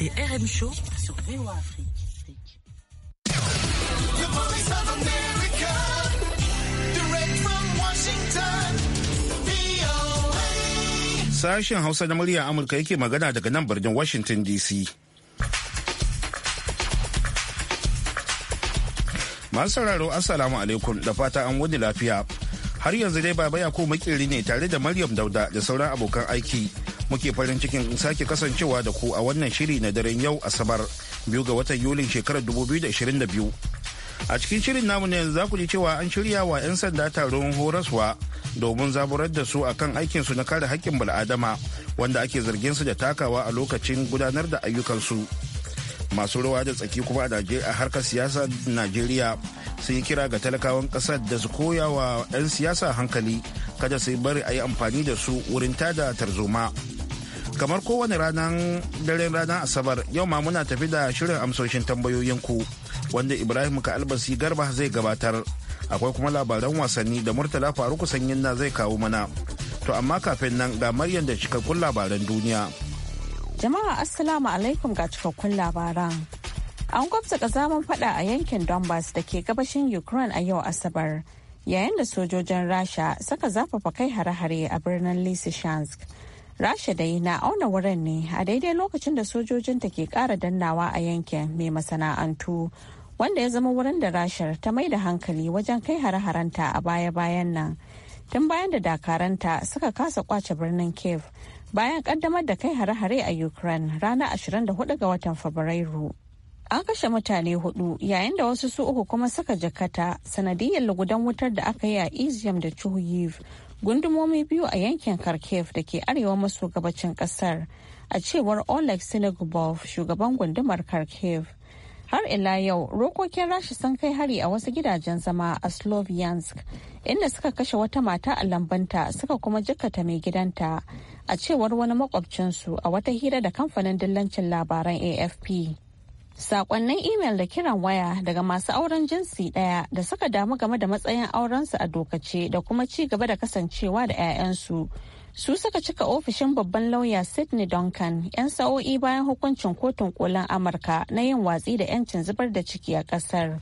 écoutez RM Show sur VOA Afrique. Sashen Hausa na murya Amurka yake magana daga nan birnin Washington DC. Masu sauraro Assalamu alaikum da fata an wani lafiya. Har yanzu dai baba ya ko makiri ne tare da Maryam Dauda da sauran abokan aiki. muke farin cikin sake kasancewa da ku a wannan shiri na daren yau asabar biyu ga watan yulin shekarar 2022 a cikin shirin namu ne za ku ji cewa an shirya wa 'yan sanda taron horaswa domin zaburar da su akan aikinsu na kare haƙƙin bal'adama wanda ake zargin su da takawa a lokacin gudanar da ayyukan su masu rawa da tsaki kuma a harkar siyasa najeriya sun yi kira ga talakawan ƙasar da su koya wa 'yan siyasa hankali kada su bari a yi amfani da su wurin tada tarzoma kamar kowane ranar daren ranar asabar yau ma muna tafi da shirin amsoshin tambayoyinku wanda ibrahim ka albasi garba zai gabatar akwai kuma labaran wasanni da murtala faruku sanyin na zai kawo mana to amma kafin nan ga maryan da cikakkun labaran duniya jama'a assalamu alaikum ga cikakkun labaran an gwamza kazaman fada a yankin donbass da ke gabashin ukraine a yau asabar yayin da sojojin rasha saka zafafa kai hare-hare a birnin lisishansk. rasha dai na auna wurin ne a daidai lokacin da sojojinta ke kara dannawa a yankin mai masana'antu wanda ya zama wurin da rashar ta mai da hankali wajen kai hare-harenta a baya-bayan nan tun bayan da dakaranta suka kasa kwace birnin kiev bayan kaddamar da kai hare-hare a ukraine ranar 24 ga watan fabrairu an kashe mutane hudu yayin da wasu su uku kuma suka jakata sanadiyar lugudan wutar da aka yi a izium da chuhiv gundumomi biyu a yankin kharkiv da ke arewa maso gabacin kasar a cewar oleg sinigubov shugaban gundumar kharkiv har ila yau rokokin rashi sun kai hari a wasu gidajen zama a sloviansk inda suka kashe wata mata a lambanta suka kuma jikata mai gidanta a cewar wani makwabcinsu a wata hira da kamfanin dillancin labaran afp Sakonnin imel da kiran waya daga masu auren jinsi ɗaya da suka damu game da matsayin aurensu a dokace da kuma ci gaba da kasancewa da 'ya'yansu. Su suka cika ofishin babban lauya Sydney Duncan 'yan sa'o'i bayan hukuncin kotun kolin Amurka na yin watsi da 'yancin zubar da ciki a kasar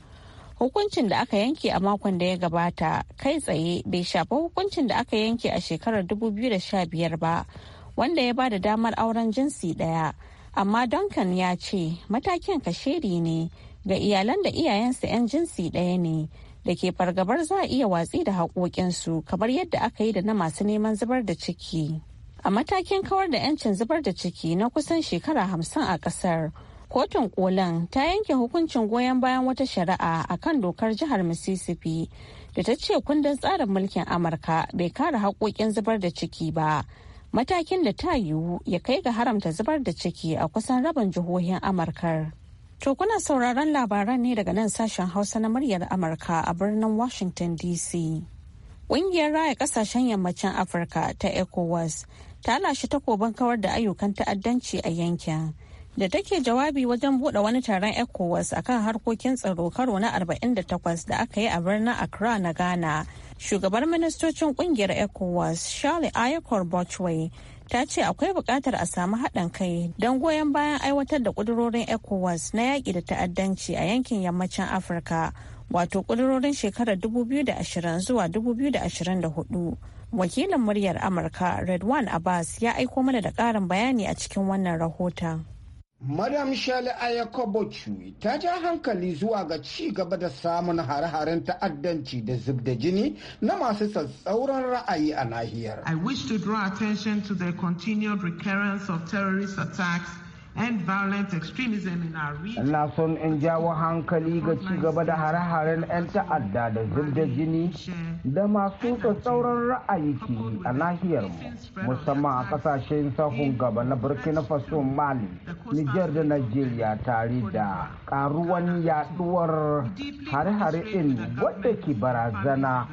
Hukuncin da aka yanke a makon da ya gabata kai tsaye bai shafi hukuncin da aka yanke a shekarar 2015 ba, wanda ya ba da damar auren jinsi ɗaya. amma duncan ya ce matakin kashedi ne ga iyalan da iyayensu 'yan jinsi ɗaya ne da ke fargabar za a iya watsi da haƙoƙinsu kamar yadda aka yi da na masu neman zubar da ciki a matakin kawar da 'yancin zubar da ciki na kusan shekara hamsin a ƙasar kotun kolin ta yanke hukuncin goyon bayan wata shari'a akan dokar jihar mississippi da ta ce kundin tsarin mulkin amurka bai kare haƙoƙin zubar da ciki ba matakin da ta yiwu ya kai ga haramta zubar da ciki a kusan rabin jihohin amurkar to kuna sauraron labaran ne daga nan sashen hausa na muryar amurka a birnin washington dc ƙungiyar raya kasashen yammacin afirka ta ecowas ta lashe takobin kawar da ayyukan ta'addanci a yankin da take jawabi wajen bude wani taron ecowas akan harkokin tsaro karo na 48 da aka yi a birnin accra na ghana shugabar ministocin kungiyar ecowas charlie ayakor botchway ta ce akwai bukatar a samu haɗin kai don goyon bayan aiwatar da ƙudurorin ecowas na yaki da ta'addanci a yankin yammacin afirka wato ƙudurorin shekarar 2020 zuwa 2024 wakilin muryar amurka redwan abbas ya aiko mana da ƙarin bayani a cikin wannan rahoton Madam Shali Ayakobochu ta ja hankali zuwa ga ci gaba da samun hare-haren ta'addanci da zub da jini na masu tsatsauran ra'ayi a nahiyar. I wish to draw attention to the continued recurrence of terrorist attacks Ina son in jawo hankali ga ci gaba da hare-haren 'yan ta'adda da zirga jini da masu tsatsauran ra'ayi ke a nahiyar mu musamman a kasashen sahun gaba na Burkina Faso Mali, Nijar da Najeriya tare da karuwan yaduwar hare-hare in wadda ke barazana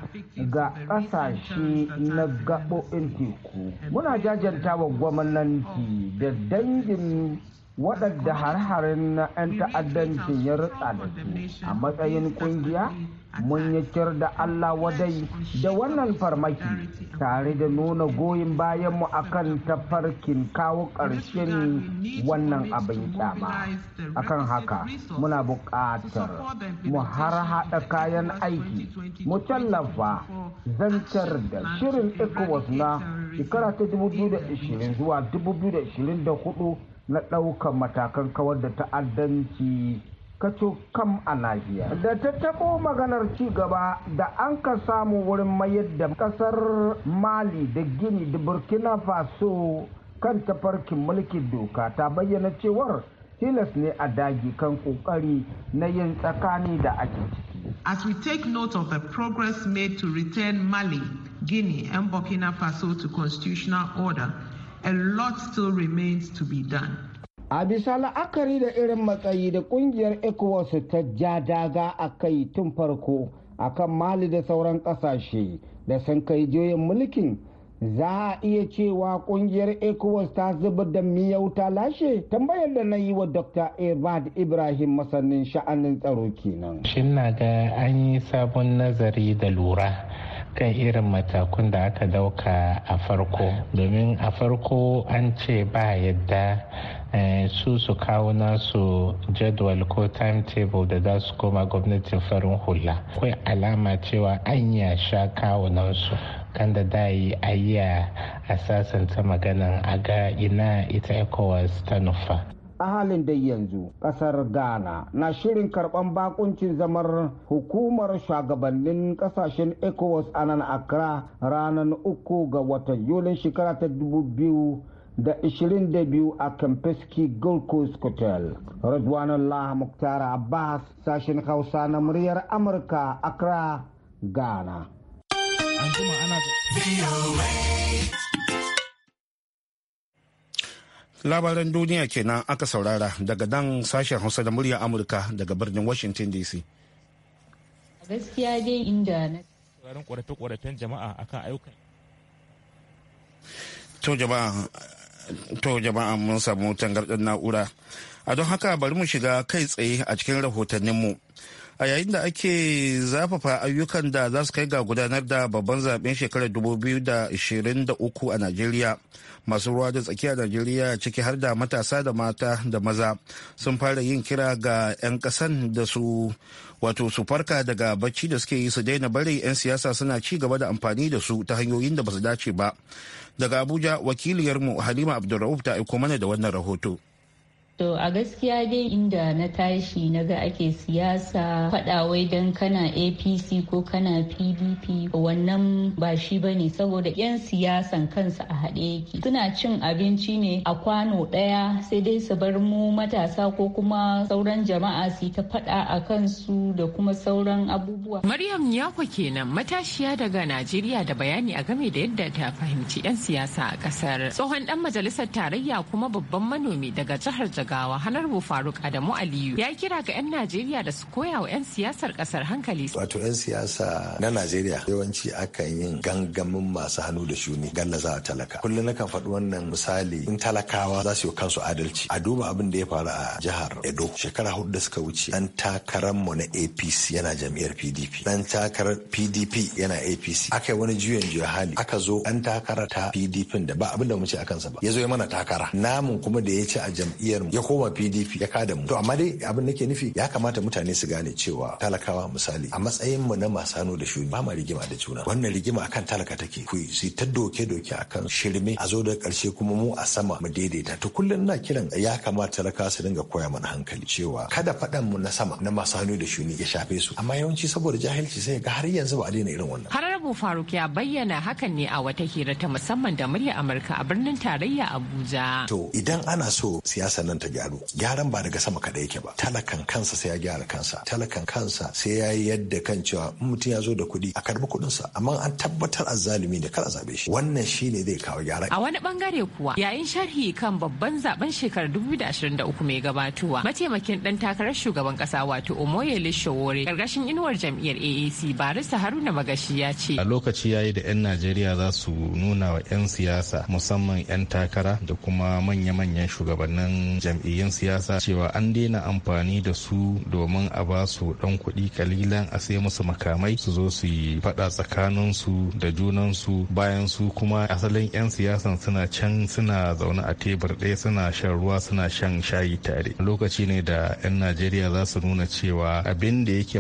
ga kasashe na gaɓoɓin teku. Muna jajanta wa gwamnati da dangin waɗanda har-harin na 'yan ta'addancin ya rutsa da su a matsayin kungiya mun yi kir da Allah wadai da wannan farmaki tare da nuna goyin bayanmu akan tafarkin kawo ƙarshen wannan abin kyama akan haka muna buƙatar mu har haɗa kayan aiki mu tallafa zancar da shirin ecowas na shekara ta 2020 zuwa 2024 na ɗaukar matakan kawar da ta'addanci kaco kam a Najeriya. Da ta taɓo maganar ci gaba da an ka samu wurin mayar da ƙasar Mali da Gini da Burkina Faso kan tafarkin mulkin doka ta bayyana cewar tilas ne a dagi kan ƙoƙari na yin tsakani da ake ciki. As we take note of the progress made to return Mali, Guinea and Burkina Faso to constitutional order, a lot still remains to be done. A bisa la'akari da irin matsayi da kungiyar ECOWAS ta ja daga a kai tun farko a kan Mali da sauran kasashe da sun kai juyin mulkin za a iya cewa kungiyar ECOWAS ta zubar da miyauta lashe tambayar da na yi wa Dr. Ebad Ibrahim masanin sha'anin tsaro kenan. Shin na ga an yi sabon nazari da lura. kan irin matakun da aka dauka a farko domin a farko an ce ba yadda eh, su su kawo nasu jadwal ko timetable da za su koma gwamnatin farin hula akwai alama cewa an yasha kawunansu kan da dayi yi a sasanta magana a ga ina ita ecowas ta nufa a halin dai yanzu kasar ghana na shirin karban bakuncin zamar hukumar shugabannin kasashen ecowas a nan accra ranar uku ga watan yulin shekara ta 2022 a kampeski gold coast hotel Allah muktar abbas sashen hausa na muryar amurka accra ghana labaran duniya kenan aka saurara daga nan sashen hausa da murya amurka daga birnin washington dc gaskiya to jama'a to jama'a mun samu tangardar na'ura a don haka bari mu shiga kai tsaye a cikin rahotanninmu mu a yayin da ake zafafa ayyukan da za su kai ga gudanar da babban zaben shekarar 2023 a najeriya masu ruwa da tsakiya najeriya ciki har da matasa da mata da maza sun fara yin kira ga 'yan kasan da su wato su farka daga bacci da suke yi su daina bari 'yan siyasa suna ci gaba da amfani da su ta hanyoyin da ba su dace ba daga abuja wakiliyarmu halima Abdulrahuf ta aiko mana da wannan rahoto To a gaskiya dai inda na tashi na ga ake siyasa fadawai don kana APC ko kana PDP wannan ba shi ba ne saboda 'yan siyasan kansa a haɗe yake. Suna cin abinci ne a kwano ɗaya sai dai su bar mu matasa ko kuma sauran jama'a su ta fada a kansu da kuma sauran abubuwa. Maryam Yako kenan matashiya daga Najeriya da bayani a game da yadda ta fahimci 'yan siyasa a ƙasar. Tsohon ɗan majalisar tarayya kuma babban manomi daga jihar Jigawa Hanarbu Faruk Adamu Aliyu ya kira ga 'yan Najeriya da su koya wa 'yan siyasar kasar hankali. Wato 'yan siyasa na Najeriya yawanci akan yin gangamin masu hannu da shuni gallaza a talaka. Kullum na kan faɗi wannan misali in talakawa za su yi kansu adalci. A duba abin da ya faru a jihar Edo shekara hudu da suka wuce ɗan mu na APC yana jam'iyyar PDP. Ɗan takarar PDP yana APC. Aka yi wani juyin juya hali aka zo ɗan takara ta PDP da ba abin da mu ce a kansa ba. Ya zo ya mana takara. Namun kuma da ya ci a jam'iyyar mu ya koma pdp ya kada mu to amma dai abin nake nufi ya kamata mutane su gane cewa talakawa misali a matsayin mu na masu hannu da shuni ba ma rigima da juna wannan rigima akan talaka take ku su ta doke doke akan shirme a zo da karshe kuma mu a sama mu daidaita to kullum na kiran ya kamata talakawa su dinga koya mana hankali cewa kada faɗan mu na sama na masu hannu da shuni ya shafe su amma yawanci saboda jahilci sai ga har yanzu ba a daina irin wannan Sabo Faruk ya bayyana hakan ne a wata hira ta musamman da murya Amurka a birnin tarayya Abuja. To idan ana so siyasa nan ta gyaru, gyaran ba daga sama kaɗai yake ba. Talakan kansa sai ya gyara kansa. Talakan kansa sai ya yi yadda kan cewa mutum ya zo da kuɗi a karbi kuɗinsa. Amma an tabbatar a azzalumi ne kar a zaɓe shi. Wannan shi ne zai kawo gyara. A wani bangare kuwa yayin sharhi kan babban zaben shekarar 2023 mai gabatowa mataimakin ɗan takarar shugaban ƙasa wato Omoyele Shawore, ƙarƙashin inuwar jam'iyyar AAC Barista Haruna Magashi ya ce a lokaci yayi da 'yan najeriya za su nuna wa 'yan siyasa musamman 'yan takara da kuma manya-manyan shugabannin jam'iyyun siyasa cewa an daina amfani da su domin a ba su dan kuɗi kalilan a sai musu makamai su zo su yi faɗa tsakaninsu da junansu bayan su kuma asalin 'yan siyasan suna can suna zaune a tebur ɗaya suna shan ruwa suna shan shayi tare lokaci ne da 'yan najeriya za su nuna cewa abin da yake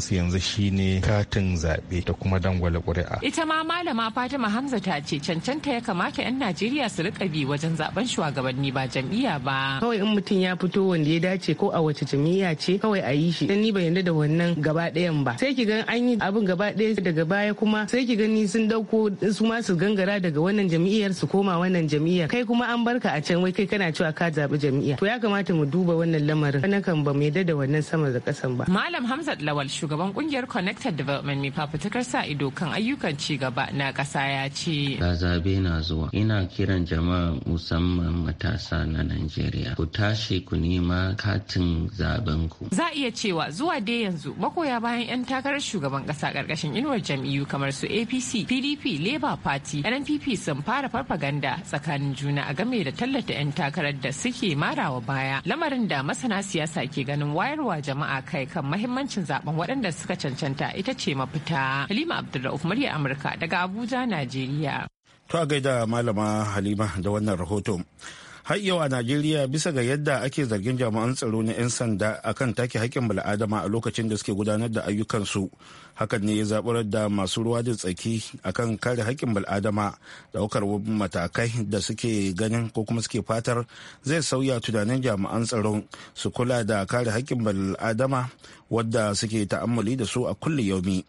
su yanzu shine katin zaɓe da kuma dangwale. kada ƙuri'a. Ita ma malama Fatima Hamza ta ce cancanta ya kamata 'yan Najeriya su rika bi wajen zaben shugabanni ba jam'iyya ba. Kawai in mutum ya fito wanda ya dace ko a wace jam'iyya ce kawai a yi shi. Dan ni ba yarda da wannan gaba ɗayan ba. Sai ki ga an yi abin gaba ɗaya daga baya kuma sai ki gani sun ɗauko su ma su gangara daga wannan jam'iyyar su koma wannan jam'iyya. Kai kuma an barka a can wai kai kana cewa ka zaɓi jam'iyya. To ya kamata mu duba wannan lamarin. Wannan kan ba mu yarda da wannan sama da ƙasan ba. Malam hamza Lawal shugaban kungiyar Connected Development mai fafutukar sa ido kan akan ayyukan ci gaba na ƙasa ya ce. Ga zabe na zuwa ina kiran jama'a musamman matasa na Najeriya ku tashi ku nema katin zaben ku. Za iya cewa zuwa dai yanzu makoya bayan 'yan takarar shugaban ƙasa ƙarƙashin inuwar jam'iyyu kamar su APC, PDP, Labour Party, NPP sun fara farfaganda tsakanin juna a game da tallata 'yan takarar da suke marawa baya lamarin da masana siyasa ke ganin wayarwa jama'a kai kan mahimmancin zaben waɗanda suka cancanta ita ce mafita halima abdulrahman of murya Amurka daga Abuja, Najeriya. To a gaida malama Halima da wannan rahoto. Har yau a Najeriya bisa ga yadda ake zargin jami'an tsaro na 'yan sanda akan take haƙƙin bala'adama a lokacin da suke gudanar da ayyukansu. Hakan ne ya zaburar da masu ruwa da tsaki akan kare haƙƙin bala'adama ɗaukar matakai da suke ganin ko kuma suke fatar zai sauya tunanin jami'an tsaro su kula da kare haƙƙin bala'adama wadda suke ta'ammali da su a kulli yaumi.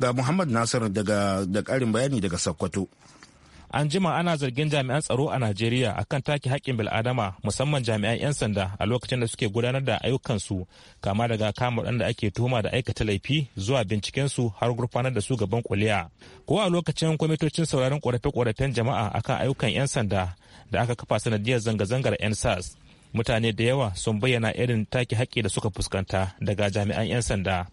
Ga Muhammad Nasir daga da karin bayani daga Sokoto. An jima ana zargin jami'an tsaro a Najeriya akan take haƙƙin bil'adama musamman jami'an 'yan sanda a lokacin da suke gudanar da ayyukansu kama daga kama da ake tuhuma da aikata laifi zuwa binciken su har gurfanar da su gaban kuliya. Ko a lokacin kwamitocin sauraron ƙorafe-ƙorafen jama'a akan ayyukan 'yan sanda da aka kafa sanadiyar zanga-zangar 'yan sas. Mutane da yawa sun bayyana irin take haƙƙi da suka fuskanta daga jami'an 'yan sanda.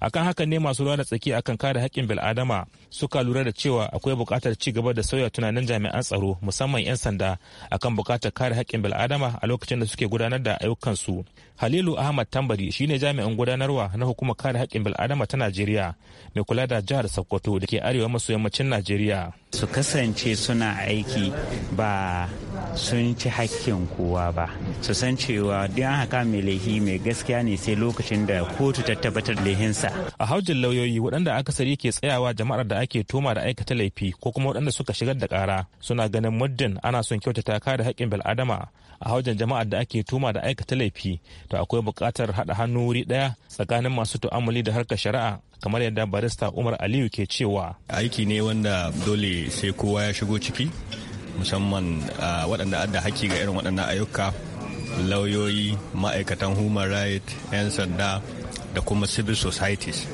akan haka ne masu ruwa da tsaki akan kare hakkin bil'adama suka lura da cewa akwai buƙatar ci gaba da sauya tunanin jami'an tsaro musamman 'yan sanda akan buƙatar kare hakkin bil'adama a lokacin da suke gudanar da ayyukansu halilu ahmad tambari shine jami'an gudanarwa na hukumar kare haƙƙin bil'adama ta najeriya mai kula da jihar sokoto da ke arewa maso yammacin najeriya su kasance suna aiki ba sun ci hakkin kowa ba su san cewa duk an haka mai laifi mai gaskiya ne sai lokacin da kotu ta tabbatar sa. A haujin lauyoyi waɗanda akasari ke tsayawa jama'ar da ake toma da aikata laifi ko kuma waɗanda suka shigar da ƙara suna ganin muddin ana son kyautata kare haƙƙin bil'adama a haujin jama'ar da ake tuma da aikata laifi to akwai buƙatar haɗa hannu wuri ɗaya tsakanin masu tu'amuli da harkar shari'a kamar yadda barista Umar Aliyu ke cewa. Aiki ne wanda dole sai kowa ya shigo ciki musamman waɗanda adda haƙƙi ga irin waɗannan ayyuka lauyoyi ma'aikatan human rights 'yan sanda da kuma civil societies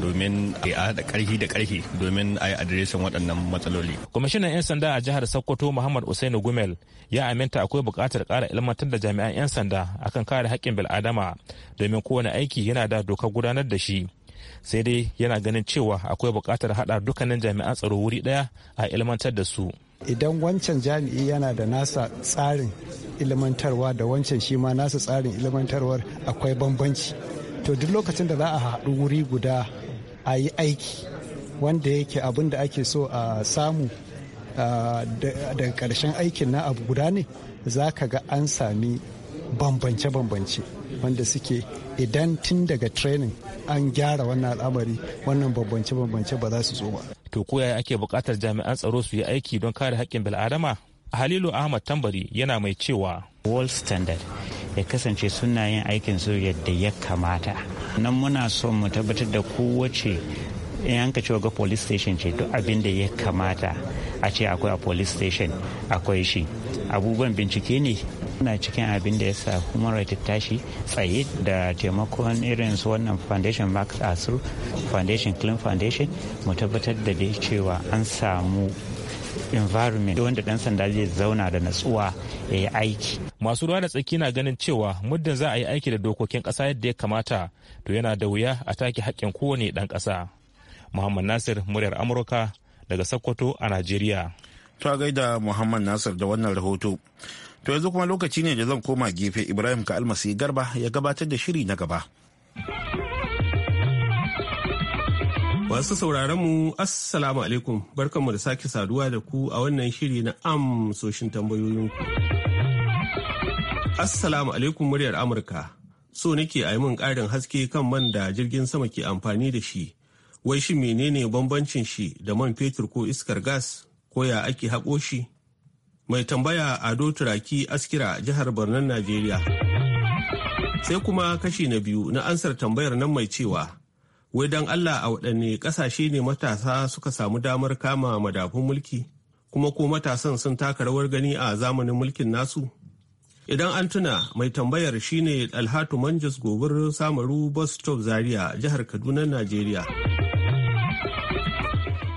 domin a haɗa ƙarfi da ƙarfi domin a yi adireshin waɗannan matsaloli. Kwamishinan 'yan sanda a jihar Sokoto Muhammad Usainu Gumel ya aminta akwai buƙatar ƙara ilmantar da jami'an 'yan sanda akan kare haƙƙin bil'adama domin kowane aiki yana da dokar gudanar da shi. Sai dai yana ganin cewa akwai buƙatar haɗa dukkanin jami'an tsaro wuri ɗaya a ilmantar da su. Idan wancan jami'i yana da nasa tsarin ilmantarwa da wancan shi ma nasa tsarin ilmantarwar akwai bambanci. to duk lokacin da za a haɗu wuri guda a yi aiki wanda yake abin da ake so a samu daga ƙarshen aikin na abu guda ne za ka ga an sami bambance-bambance wanda suke idan tun daga training an gyara wannan al'amari wannan bambance-bambance ba za su zo ba. To koyaya ake bukatar jami'an tsaro su yi aiki don kare haƙƙin bil'adama? halilu ahmad tambari yana mai cewa world standard ya kasance suna yin aikin su yadda ya kamata nan muna so mu tabbatar da kowace in yanka cewa ga police station ce duk abin da ya kamata a ce akwai a police station akwai shi abubuwan bincike ne na cikin abin da ya sa human rights tashi tsaye da taimakon irin su wannan foundation max asir foundation clean foundation mu tabbatar da dai cewa an samu environment wanda dan sanda zai zauna da natsuwa ya yi aiki. Masu ruwa da tsaki na ganin cewa muddin za a yi aiki da dokokin kasa yadda ya kamata to yana da wuya a take haƙƙin kowane ɗan ƙasa. Muhammad Nasir muryar Amurka daga Sokoto a Najeriya. Ta gaida Muhammad Nasir da wannan rahoto. To yanzu kuma lokaci ne da zan koma gefe Ibrahim Ka Almasi Garba ya gabatar da shiri na gaba. Masu sauraron mu Assalamu alaikum barkanmu da sake saduwa da ku a wannan shiri na amsoshin tambayoyinku. Assalamu alaikum muryar Amurka. So nake a yi min ƙarin haske kan man da jirgin sama ke amfani da shi. Wai shi menene bambancin shi da man fetur ko iskar gas ko ya ake haƙo shi? Mai tambaya Ado Turaki Askira jihar Barnan Najeriya. Sai kuma kashi na biyu na ansar tambayar nan mai cewa wai don allah a waɗanne ƙasashe ne matasa suka samu damar kama madafun mulki kuma ko matasan sun taka rawar gani a zamanin mulkin nasu idan an tuna mai tambayar shine alhatu manjus gobir samaru bus stop zaria jihar kaduna najeriya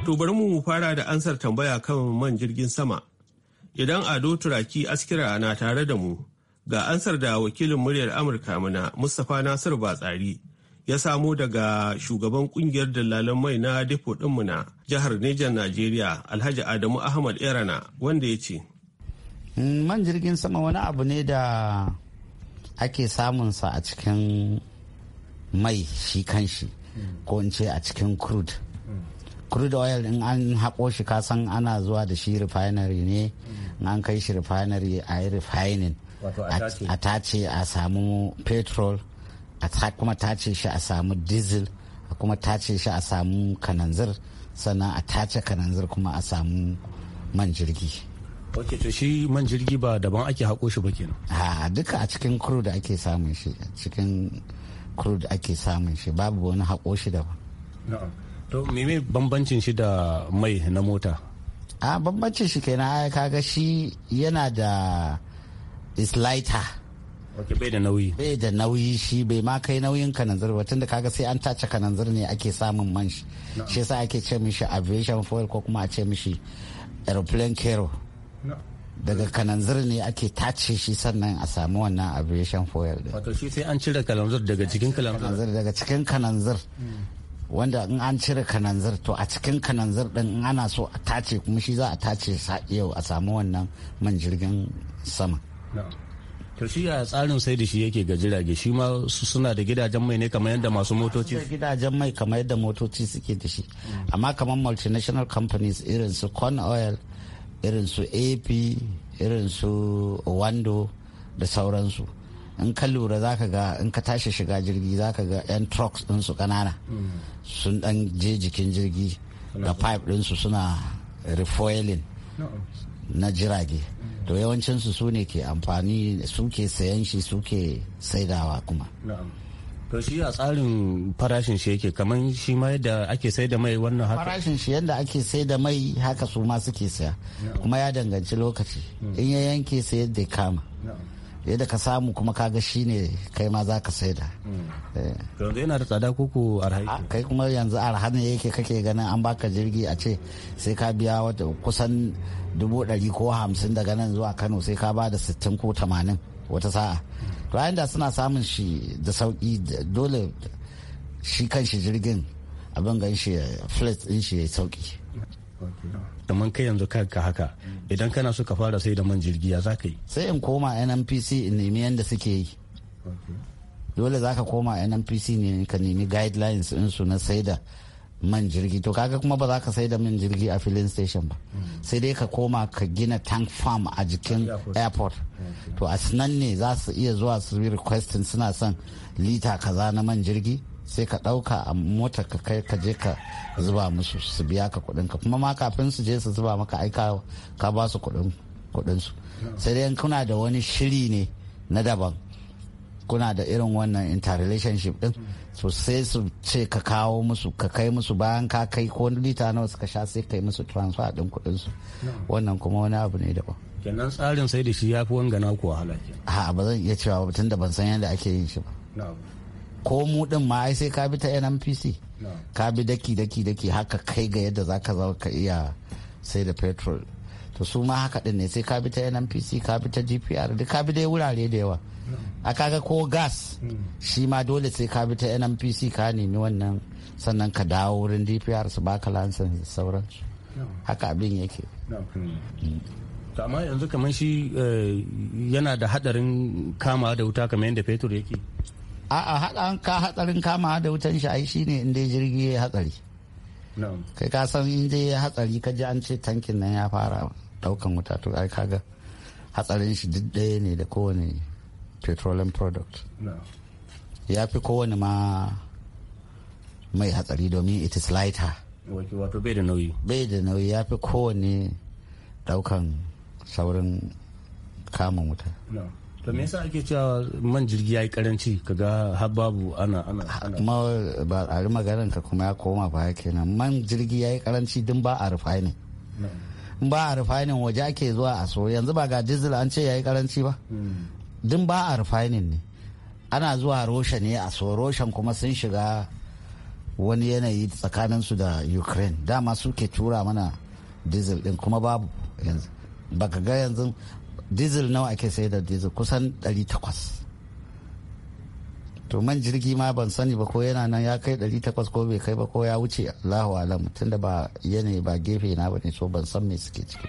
to bari mu fara da ansar tambaya kan man jirgin sama idan ado turaki askira na tare da mu ga ansar da wakilin muryar amurka muna mustapha nasir batsari ya samo daga shugaban kungiyar dalalan mai na depo ɗinmu na jihar Nijar Najeriya Alhaji Adamu Ahmad Erana wanda ya ce. Man jirgin sama wani abu ne da ake samun sa a cikin mai shi kanshi ko in ce a cikin crude. crude oil in an haƙo shi kasan ana zuwa da shi refinery ne in an kai shi refinery a yi refining a tace a samu petrol a kuma tace shi a samu diesel a kuma tace shi a samu kananzir sannan a tace kananzir kuma a samu man jirgi ok to shi man jirgi ba daban ake haƙo shi ba kenan a duka a cikin da ake samun shi a cikin da ake samun shi babu wani haƙo shi daban to meme bambancin shi da mai na mota a bambancin shi kenan kaga shi yana da is lighter bai da nauyi bai da nauyi shi bai ma kai nauyin kananzir ba tunda kaga sai an tace kananzir ne ake samun man shi shi yasa ake ce mishi aviation fuel ko kuma a ce mishi aeroplane kero daga kananzir ne ake tace shi sannan a samu wannan aviation fuel din wato shi sai an cire kananzir daga cikin kananzir daga cikin kananzir hmm. wanda in an cire kananzir to a cikin kananzir din in ana so a tace kuma shi za a tace yau a samu wannan man jirgin sama to shi a tsarin sai da shi yake ga jirage shi ma suna da gidajen mai ne kamar yadda masu motoci da gidajen mai kamar yadda motoci suke da shi mm. amma kamar multinational companies irin su corn oil irin su ap irin su wando da sauransu in ka lura za ka ga in ka tashi shiga jirgi za ka ga 'yan trucks din su kanana mm. sun ɗan je jikin jirgi da pipe ɗinsu suna refoiling na jirage to yawancinsu su ne ke amfani suke sayan shi suke saidawa kuma to shi a tsarin farashin shi yake kamar shi ma yadda ake sai da mai wannan haka farashin shi yadda ake sai da mai haka su ma suke saya kuma ya danganci lokaci hmm. in ya yanke sai yadda kama yadda ka samu kuma kaga shi ne kai ma za ka da. Hmm. Eh. yanzu yana da tsada koko arha kai kuma yanzu arha ne yake kake ganin an baka jirgi a ce sai ka biya wata kusan dubu ɗari ko hamsin daga nan zuwa kano sai ka ba da sittin ko tamanin wata sa'a hmm. to da suna samun shi da sauki dole shi kan shi jirgin abin gan shi flat din shi ya sauki kamar kai yanzu ka haka idan kana so ka fara sai da man jirgi ya zaka yi sai in koma nnpc in nemi yadda suke yi dole za ka koma nnpc ne ka nemi guidelines su na saida man jirgi to kaga kuma ba za ka sai da man jirgi a filin station ba sai dai ka koma ka gina tank farm a jikin airport to a sinan ne za su iya zuwa su requesting suna son lita kaza na man jirgi sai ka ɗauka a mota ka kai ka je ka zuba musu su biya ka kuɗin ka kuma ma kafin su je su zuba maka aika ka ba su kuɗin su sai dai kuna da wani shiri ne na daban kuna da irin wannan interrelationship din so sai su ce ka kawo musu ka kai musu bayan ka kai ko lita nawa suka sha sai kai musu transfer din kuɗin su wannan kuma wani abu ne daban kenan tsarin sai da shi yafi wanga na kuwa halaki ha ba zan iya cewa ba tun da ban san yadda ake yin shi ba ko mu din ma ai sai ka bi ta NNPC ka bi daki daki daki haka kai ga yadda zaka zo ka iya sai da petrol to su ma haka din ne sai ka bi ta NNPC ka bi ta GPR duk ka bi dai wurare da yawa a kaga ko gas hmm. shi ma dole sai ka bi ta NNPC ka nemi wannan sannan ka dawo wurin DPR su baka lansan sauran haka abin yake hmm. amma yanzu kamar shi eh, yana da hadarin kama da wuta kamar yadda fetur yake a'a haɗa ka hatsarin kama da wutan shi ai shine in dai jirgi ya hatsari kai ka san in dai ya hatsari ka ji an ce tankin nan ya fara daukan wuta to ai kaga hatsarin shi duk ɗaya ne da kowane petroleum product ya fi kowane ma mai hatsari domin it is lighter wato bai da nauyi bai da nauyi ya fi kowane daukan saurin kamun wuta to me yasa ake cewa man jirgi ya yi karanci kaga har babu ana ana kuma ba a garin ka kuma ya koma ba kenan man jirgi ya yi karanci din ba a rufa ba a refining waje ake zuwa a so yanzu ba ga diesel an ce ya yi karanci ba hmm. din ba a refining ne ana zuwa roshan ne a so roshan kuma sun shiga wani yanayi tsakanin su da ukraine dama suke tura mana diesel din kuma babu yanzu baka ga yanzu diesel nawa ake sayar da diesel kusan 800 to man jirgi ma ban sani ba ko yana nan ya kai 800 ko bai kai ba ko ya wuce Allahu alam tunda ba yanayi ba gefe na bane so ban san me suke ciki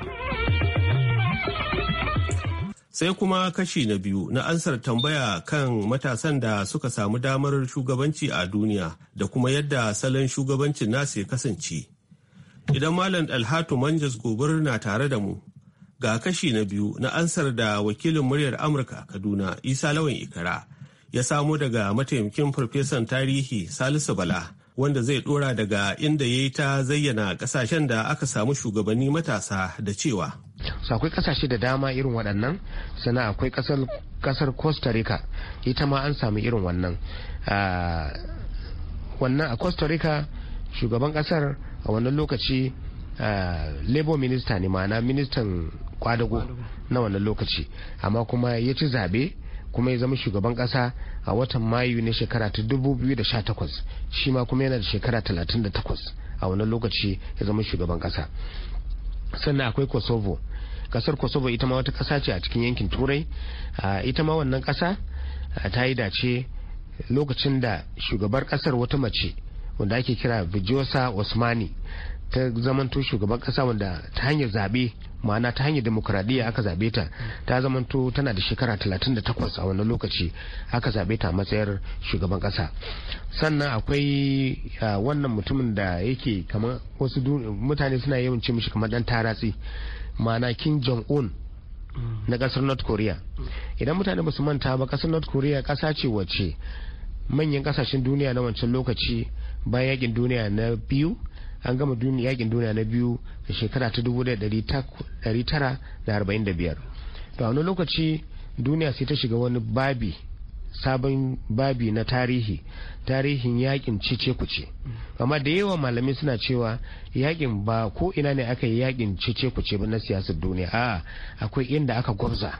sai kuma kashi na biyu na ansar tambaya kan matasan da suka samu damar shugabanci a duniya da kuma yadda salon shugabancin nasu ya kasance idan malam alhatu manjas gobir na tare da mu ga kashi na biyu na ansar da wakilin muryar amurka kaduna isa lawan ikara ya samo daga mataimakin farfesan tarihi salisu bala wanda zai dora daga inda ya yi ta zayyana kasashen da aka samu shugabanni matasa da cewa akwai kasashe da dama irin waɗannan sannan akwai kasar costa rica ita ma an samu irin wannan ah, wannan a costa rica shugaban kasar a wannan lokaci ah, labor minister ne ma'ana ministan kwadago na wannan lokaci amma kuma ya ci zabe kuma ya zama shugaban kasa a watan mayu na shekara ta 2018 shi ma kuma yana da shekara 38 a wannan lokaci ya zama shugaban kasa sannan akwai kosovo kasar kosovo ita ma wata kasa ce a cikin yankin turai ita ma wannan kasa ta yi dace lokacin da shugabar kasar wata mace wanda ake kira Vijosa osmani ta zamanto shugaban kasa wanda ta hanyar zabe ma'ana ta hanyar demokuraɗiyya aka zabe ta ta zamanto tana da shekara 38 a wannan lokaci aka zabe ta matsayar shugaban kasa sannan akwai wannan mutumin da yake kamar wasu mutane suna yawan ce mishi kamar dan taratsi ma'ana kim jong un na kasar north korea idan mutane ba su manta ba kasar north korea kasa ce wacce manyan kasashen duniya na wancan lokaci bayan yakin duniya na biyu an gama yakin duniya na biyu a shekara ta da 1945 to a wani lokaci duniya sai ta shiga wani babi sabon babi na tarihi tarihin yakin cece kuce amma da yawa malamai suna cewa yakin ba ko ina ne aka yi yakin cece kuce ba na siyasar duniya a akwai inda aka gwabza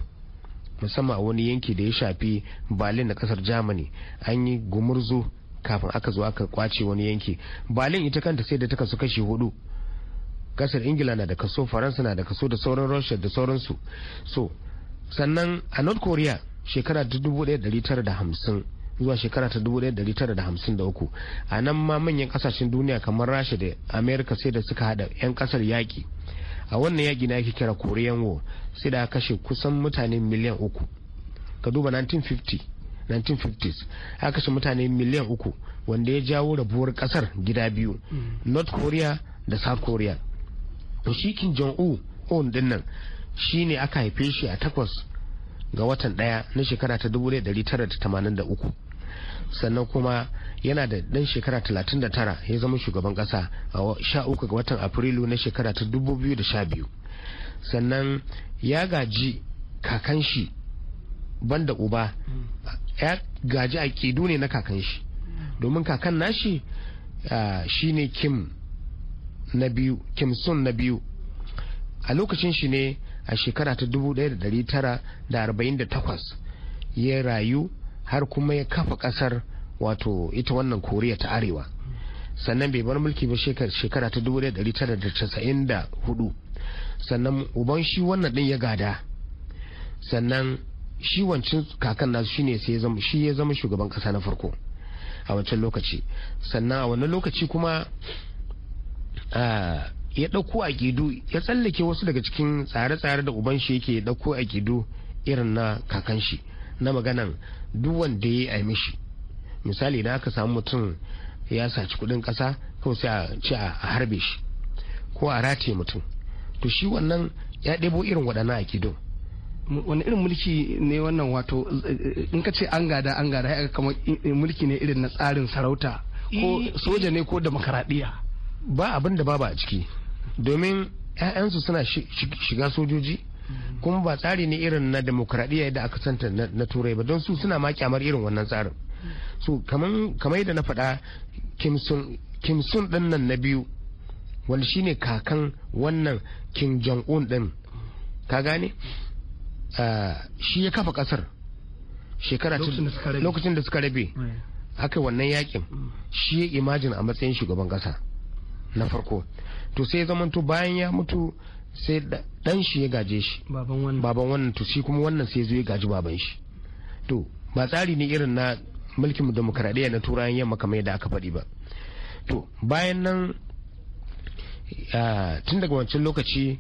musamman a wani yanki da ya shafi berlin na kasar germany an yi gumurzu kafin aka zo aka kwace wani yanki balin ita kanta sai da ta kasu kashi hudu kasar ingila na da kaso faransa na da kaso da sauran russia da sauransu so sannan a north korea shekara ta 1950 zuwa shekara ta 1953 a nan ma manyan kasashen duniya kamar rasha da america sai da suka hada 'yan kasar yaƙi a wannan yaki na yake kira korean war sai da kashe kusan mutane miliyan uku ka duba 1950 1950s ya kashe mutane miliyan uku wanda ya jawo rabuwar kasar gida biyu mm. north korea da south korea shi kim jong un din nan shi ne aka haife shi a takwas ga watan daya na shekara ta 1983 sannan kuma yana da dan shekara 39 ya zama shugaban kasa a 13 ga watan afrilu na shekara ta 2012 sannan ya gaji kakan shi Ban da uba ya gaji kidu ne na kakan shi domin kakan nashi shi ne kim na biyu kim sun na biyu a lokacin shi ne a shekara ta 1948 ya rayu har kuma ya kafa kasar wato ita wannan koriya ta arewa sannan bai bar mulki ba shekara ta 1994 sannan uban shi wannan din ya gada sannan shi wancin kakan nasu shine sai ya shi ya zama shugaban kasa na farko a wancan lokaci sannan a wannan lokaci kuma ya ɗauko a ya tsallake wasu daga cikin tsare-tsare da uban shi yake ɗauko a irin na kakan shi na maganan duk wanda ya yi mishi misali idan aka samu mutum ya saci kudin kasa kawai sai a ci a harbe shi ko a rataye mutum to shi wannan ya ɗebo irin waɗannan akidun wani irin mulki ne wannan wato in ka ce an gada an gada ya kama eh, mulki ne irin na tsarin sarauta ko eh, soja ne ko eh. demokaradiyya ba abin da babu a ciki domin 'ya'yansu suna shiga sojoji mm. kuma ba tsari ne irin na demokaradiyya da aka santa na turai ba don su suna ma kyamar irin wannan tsarin mm. so kamar yadda na faɗa kimsun ɗin nan na biyu wanda shine kakan wannan kim jong un ɗin ka gane Eh, shi ya kafa kasar shekara lokacin da suka rabe haka eh. wannan yakin shi ya imajin a matsayin shugaban kasa na farko to sai zamanto bayan ya mutu sai dan shi ya gaje shi baban wannan to shi kuma wannan sai zo ya gaji baban shi to ba tsari ne irin na mulkin demokaradiyya na turayen yamma kamar yadda aka faɗi ba to bayan nan eh, tun daga wancan lokaci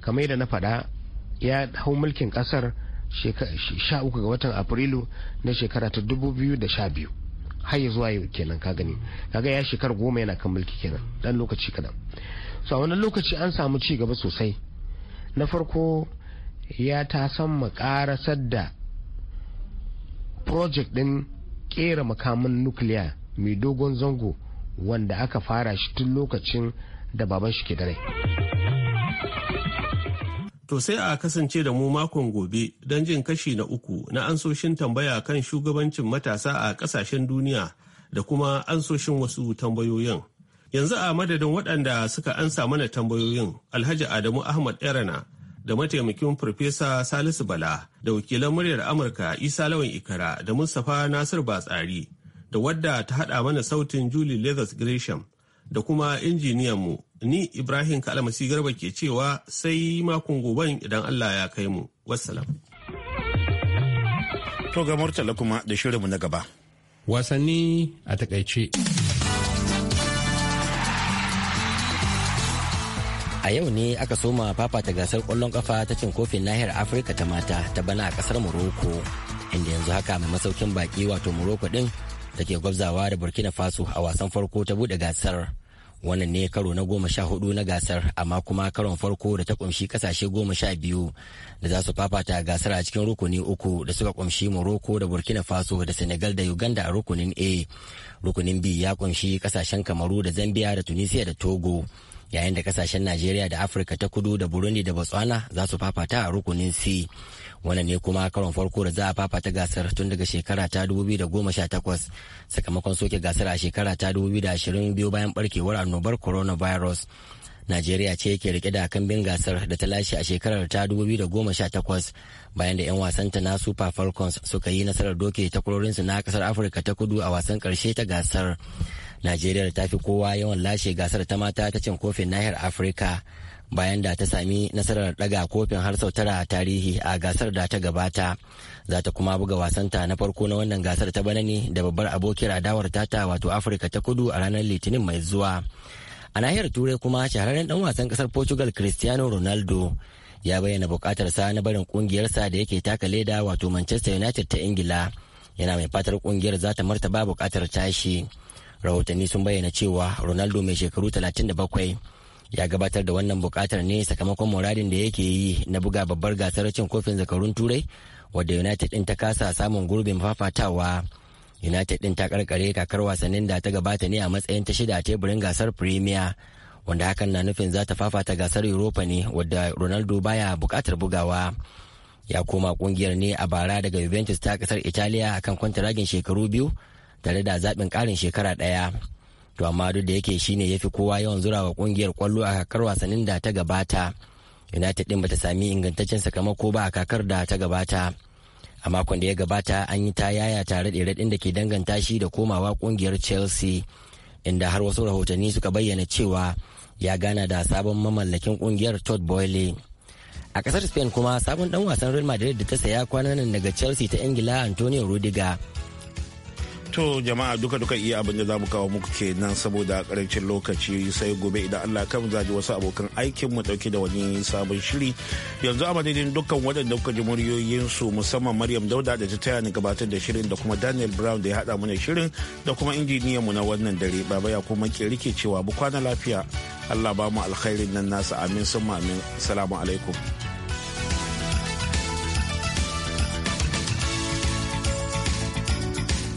kamar yadda na faɗa ya hau mulkin kasar sha uku ga watan afrilu na shekara ta dubu biyu da sha biyu har ya zuwa yau kenan ka gani kaga ya shekar goma yana kan mulki kenan dan lokaci kadan so a wannan lokaci an samu ci gaba sosai na farko ya ta san makarasar da project din kera makaman nukiliya mai dogon zango wanda aka fara shi tun lokacin da baban shi ke da rai. To sai a kasance da mu makon gobe don jin kashi na uku na ansoshin tambaya kan shugabancin matasa a kasashen duniya da kuma ansoshin wasu tambayoyin. Yanzu a madadin waɗanda suka ansa mana tambayoyin Alhaji Adamu Ahmad Erana da mataimakin Farfesa Salisu Bala da wakilan muryar Amurka Isa Lawan Ikara da Mustapha Nasir Batsari da wadda ta haɗa mana sautin Julie Leathers Gresham da kuma injiniyanmu Ni Ibrahim kalamasi Garba ke cewa sai makon goben idan Allah ya kai mu. Wassalam. To ga Murtala kuma da shirinmu na gaba. Wasanni a takaice. A yau ne aka soma fafata gasar kwallon kafa ta cin kofin nahiyar Afirka ta mata ta bana a kasar Morocco, inda yanzu haka mai masaukin baki wato Morocco din ke gwabzawa da Burkina Faso a wasan farko ta bude gasar. wannan ne karo na goma sha hudu na gasar amma kuma karon farko da ta kumshi kasashe goma sha biyu da za su fafata gasar a cikin rukuni uku da suka kumshi morocco da burkina faso da senegal da uganda a rukunin a rukunin b ya kumshi kasashen kamaru da zambia da tunisia da togo yayin da kasashen najeriya da afirka ta kudu da burundi da botswana za su fafata a rukunin c wannan ne kuma karon farko da za a fafata gasar tun daga shekara ta 2018 sakamakon soke gasar a shekara ta 2020 bayan barkewar annobar coronavirus najeriya ce yake rike da kambin gasar da ta lashe a shekarar ta 2018 bayan da 'yan wasanta na super falcons suka yi nasarar doke takwarorinsu na kasar afirka ta kudu a wasan karshe ta gasar najeriya ta fi kowa yawan lashe gasar ta mata ta cin kofin nahiyar afirka bayan da ta sami nasarar daga kofin har sau tara tarihi a gasar da ta gabata za ta kuma buga wasanta na farko na wannan gasar ta banani da babbar abokiyar adawar tata wato afirka ta kudu a ranar litinin mai zuwa a nahiyar turai kuma shahararren dan wasan kasar portugal cristiano ronaldo ya bayyana sa na barin kungiyarsa da yake taka leda wato manchester united ta ingila yana mai fatar kungiyar za ta martaba bukatar tashi rahotanni sun bayyana cewa ronaldo mai shekaru 37 ya gabatar da wannan bukatar ne sakamakon muradin da yake yi na buga babbar gasar cin kofin zakarun turai wadda united din ta kasa samun gurbin fafatawa united din ta karkare kakar wasannin da ta gabata ne a matsayin ta shida a teburin gasar premier wanda hakan na nufin za ta fafata gasar europa ne wadda ronaldo baya bukatar bugawa ya koma kungiyar ne a bara daga juventus ta kasar italiya akan kwantaragin shekaru biyu tare da zaɓin ƙarin shekara ɗaya. to amma duk da yake shine ya fi kowa yawan zurawa kungiyar kwallo a kakar wasannin da ta gabata united din bata sami ingantaccen sakamako ba a kakar da ta gabata a makon da ya gabata an yi ta yaya tare da ɗin da ke danganta shi da komawa kungiyar chelsea inda har wasu rahotanni suka bayyana cewa ya gana da sabon mamallakin kungiyar todd boyle a kasar spain kuma sabon dan wasan real madrid da ta saya kwanan daga chelsea ta ingila antonio rudiger To jama'a duka-duka iya abin da za mu kawo muku ke nan saboda karancin lokaci sai gobe idan Allah kan zaji wasu abokan aikin mu dauke da wani sabon shiri. Yanzu a madadin dukkan waɗanda kuka ji muryoyin su musamman Maryam Dauda da ta taya ni gabatar da shirin da kuma Daniel Brown da ya hada mana shirin da kuma injiniyan mu na wannan dare baba ya kuma ke rike cewa bu kwana lafiya. Allah ba mu alkhairin nan nasa amin sun amin. Salamu alaikum.